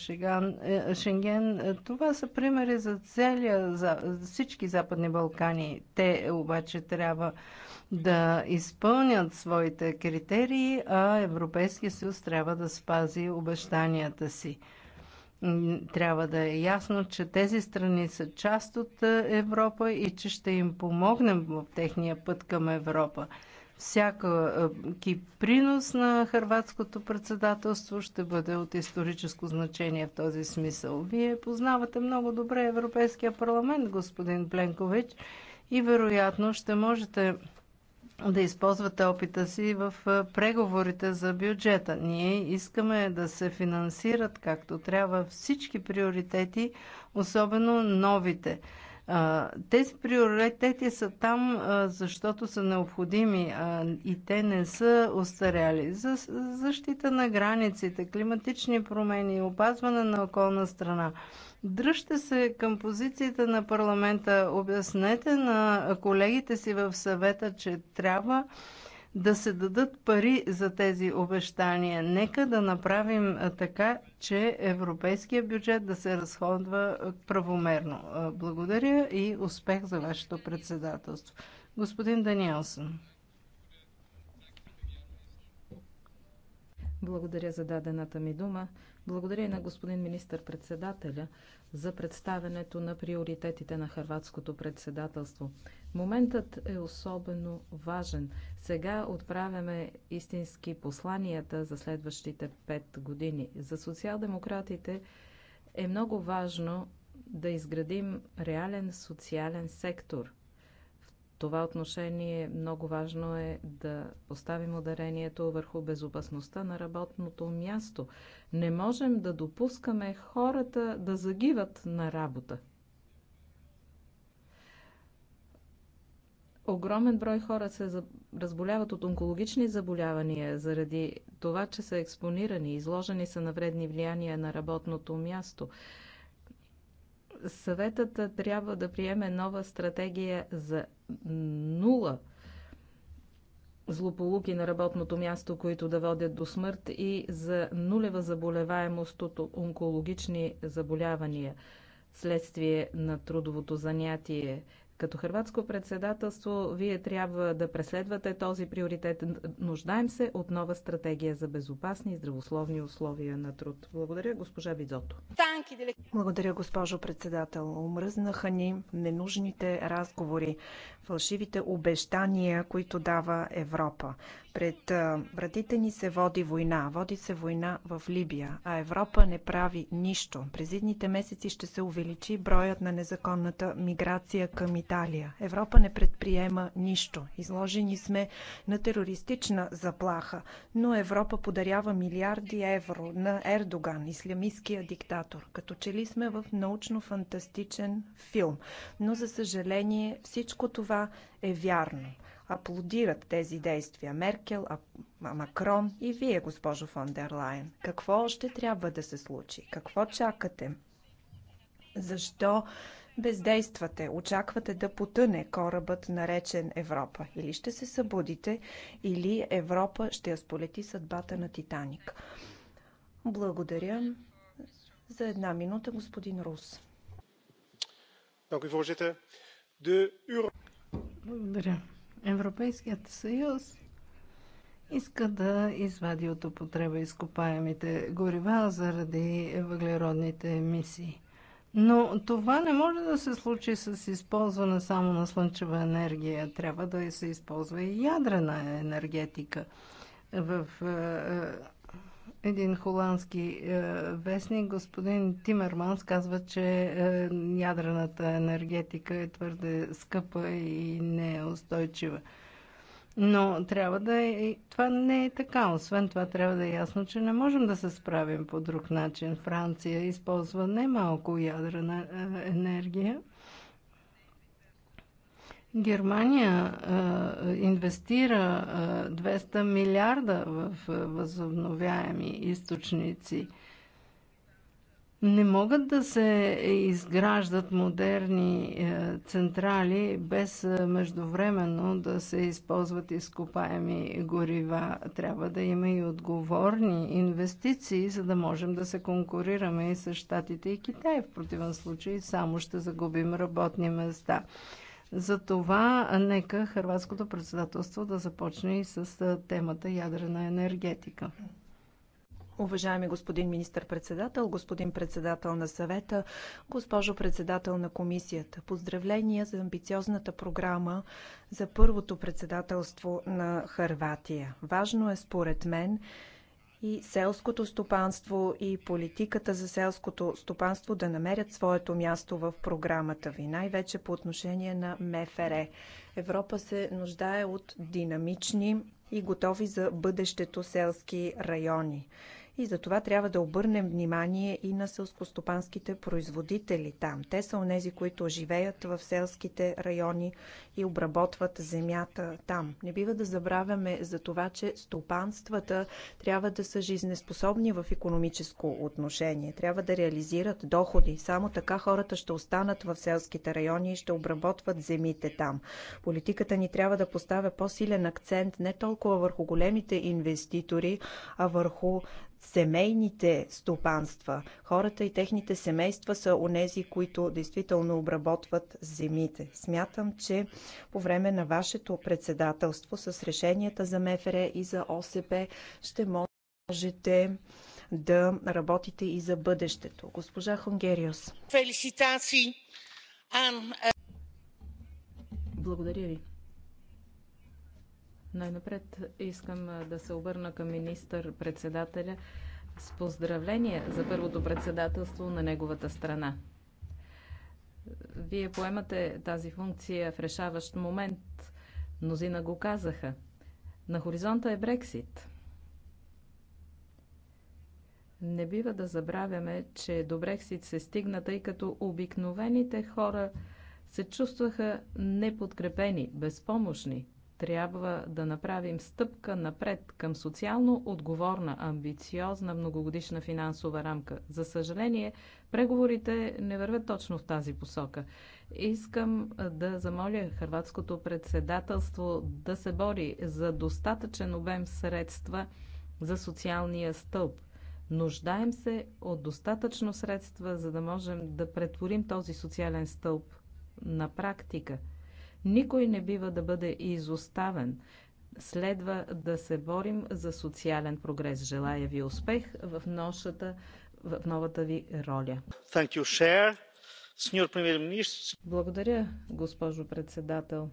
е, Шенген. Това са примери за целия, за всички Западни Балкани. Те обаче трябва да изпълнят своите критерии, а Европейския съюз трябва да спази обещанията си. Трябва да е ясно, че тези страни са част от Европа и че ще им помогнем в техния път към Европа. Всякаки принос на хрватското председателство ще бъде от историческо значение в този смисъл. Вие познавате много добре Европейския парламент, господин Пленкович, и вероятно ще можете да използвате опита си в преговорите за бюджета. Ние искаме да се финансират както трябва всички приоритети, особено новите. Тези приоритети са там, защото са необходими и те не са остаряли. За защита на границите, климатични промени, опазване на околна страна. Дръжте се към позицията на парламента. Обяснете на колегите си в съвета, че трябва да се дадат пари за тези обещания. Нека да направим така, че европейския бюджет да се разходва правомерно. Благодаря и успех за вашето председателство. Господин Даниелсън. Благодаря за дадената ми дума. Благодаря и на господин министър-председателя за представенето на приоритетите на хърватското председателство. Моментът е особено важен. Сега отправяме истински посланията за следващите пет години. За социал-демократите е много важно да изградим реален социален сектор, това отношение много важно е да поставим ударението върху безопасността на работното място. Не можем да допускаме хората да загиват на работа. Огромен брой хора се разболяват от онкологични заболявания заради това, че са експонирани, изложени са на вредни влияния на работното място съветът трябва да приеме нова стратегия за нула злополуки на работното място, които да водят до смърт и за нулева заболеваемост от онкологични заболявания следствие на трудовото занятие. Като хрватско председателство, вие трябва да преследвате този приоритет. Нуждаем се от нова стратегия за безопасни и здравословни условия на труд. Благодаря, госпожа Бидзото. Благодаря, госпожо председател. Умръзнаха ни ненужните разговори, фалшивите обещания, които дава Европа. Пред вратите ни се води война. Води се война в Либия, а Европа не прави нищо. През едните месеци ще се увеличи броят на незаконната миграция към Италия. Европа не предприема нищо. Изложени сме на терористична заплаха, но Европа подарява милиарди евро на Ердоган, ислямистския диктатор. Като че ли сме в научно-фантастичен филм. Но, за съжаление, всичко това е вярно аплодират тези действия. Меркел, Макрон и вие, госпожо фон дер Какво още трябва да се случи? Какво чакате? Защо бездействате? Очаквате да потъне корабът наречен Европа. Или ще се събудите, или Европа ще я сполети съдбата на Титаник. Благодаря. За една минута, господин Рус. Благодаря. Европейският съюз иска да извади от употреба изкопаемите горива заради въглеродните емисии. Но това не може да се случи с използване само на слънчева енергия. Трябва да се използва и ядрена енергетика в е, е, един холандски е, вестник, господин Тимерманс казва, че е, ядрената енергетика е твърде скъпа и не е устойчива. Но трябва да е... Това не е така. Освен това, трябва да е ясно, че не можем да се справим по друг начин. Франция използва немалко ядрена е, енергия Германия а, инвестира а, 200 милиарда в а, възобновяеми източници. Не могат да се изграждат модерни а, централи без а, междувременно да се използват изкопаеми горива. Трябва да има и отговорни инвестиции, за да можем да се конкурираме и с Штатите и Китай. В противен случай само ще загубим работни места. За това нека Хрватското председателство да започне и с темата ядрена енергетика. Уважаеми господин министър-председател, господин председател на съвета, госпожо председател на комисията, поздравления за амбициозната програма за първото председателство на Харватия. Важно е според мен и селското стопанство и политиката за селското стопанство да намерят своето място в програмата ви, най-вече по отношение на МФР. Европа се нуждае от динамични и готови за бъдещето селски райони. И за това трябва да обърнем внимание и на селскостопанските производители там. Те са онези, които живеят в селските райони и обработват земята там. Не бива да забравяме за това, че стопанствата трябва да са жизнеспособни в економическо отношение. Трябва да реализират доходи. Само така хората ще останат в селските райони и ще обработват земите там. Политиката ни трябва да поставя по-силен акцент не толкова върху големите инвеститори, а върху семейните стопанства. Хората и техните семейства са онези, които действително обработват земите. Смятам, че по време на вашето председателство с решенията за МФР и за ОСП ще можете да работите и за бъдещето. Госпожа Хонгериус. Е- Благодаря ви. Най-напред искам да се обърна към министър-председателя с поздравление за първото председателство на неговата страна. Вие поемате тази функция в решаващ момент. Мнозина го казаха. На хоризонта е Брексит. Не бива да забравяме, че до Брексит се стигна, тъй като обикновените хора се чувстваха неподкрепени, безпомощни, трябва да направим стъпка напред към социално отговорна, амбициозна многогодишна финансова рамка. За съжаление, преговорите не вървят точно в тази посока. Искам да замоля Хрватското председателство да се бори за достатъчен обем средства за социалния стълб. Нуждаем се от достатъчно средства, за да можем да претворим този социален стълб на практика – никой не бива да бъде изоставен. Следва да се борим за социален прогрес. Желая ви успех в, ношата, в новата ви роля. Thank you, Cher. Благодаря, госпожо председател.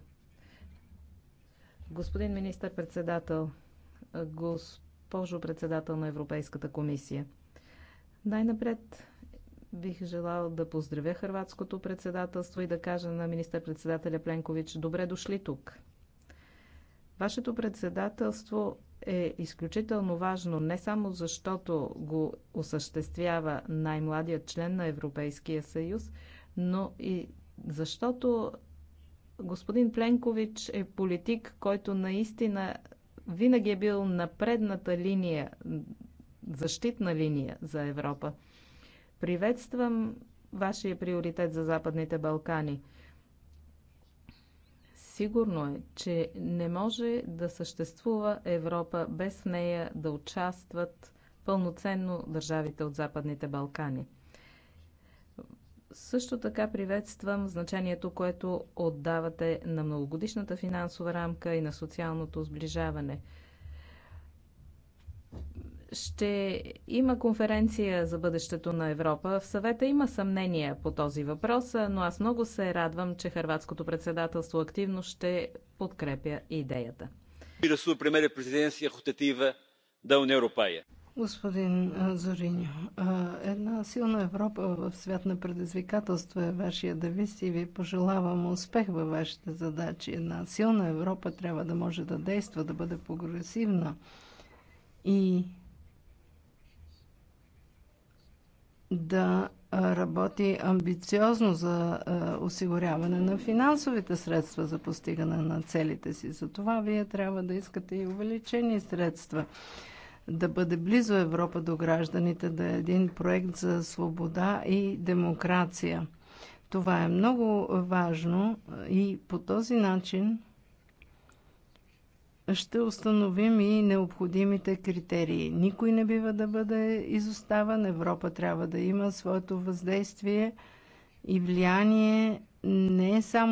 Господин министър-председател, госпожо председател на Европейската комисия, най-напред Бих желал да поздравя Хрватското председателство и да кажа на министър-председателя Пленкович добре дошли тук. Вашето председателство е изключително важно не само защото го осъществява най-младият член на Европейския съюз, но и защото господин Пленкович е политик, който наистина винаги е бил на предната линия, защитна линия за Европа. Приветствам вашия приоритет за Западните Балкани. Сигурно е, че не може да съществува Европа без нея да участват пълноценно държавите от Западните Балкани. Също така приветствам значението, което отдавате на многогодишната финансова рамка и на социалното сближаване – ще има конференция за бъдещето на Европа. В съвета има съмнения по този въпрос, но аз много се радвам, че Харватското председателство активно ще подкрепя идеята. Господин Зориньо, една силна Европа в свят на предизвикателства е вашия девиз и ви пожелавам успех във вашите задачи. Една силна Европа трябва да може да действа, да бъде прогресивна и да работи амбициозно за осигуряване на финансовите средства за постигане на целите си. Затова вие трябва да искате и увеличени средства. Да бъде близо Европа до гражданите, да е един проект за свобода и демокрация. Това е много важно и по този начин ще установим и необходимите критерии. Никой не бива да бъде изоставан. Европа трябва да има своето въздействие и влияние не само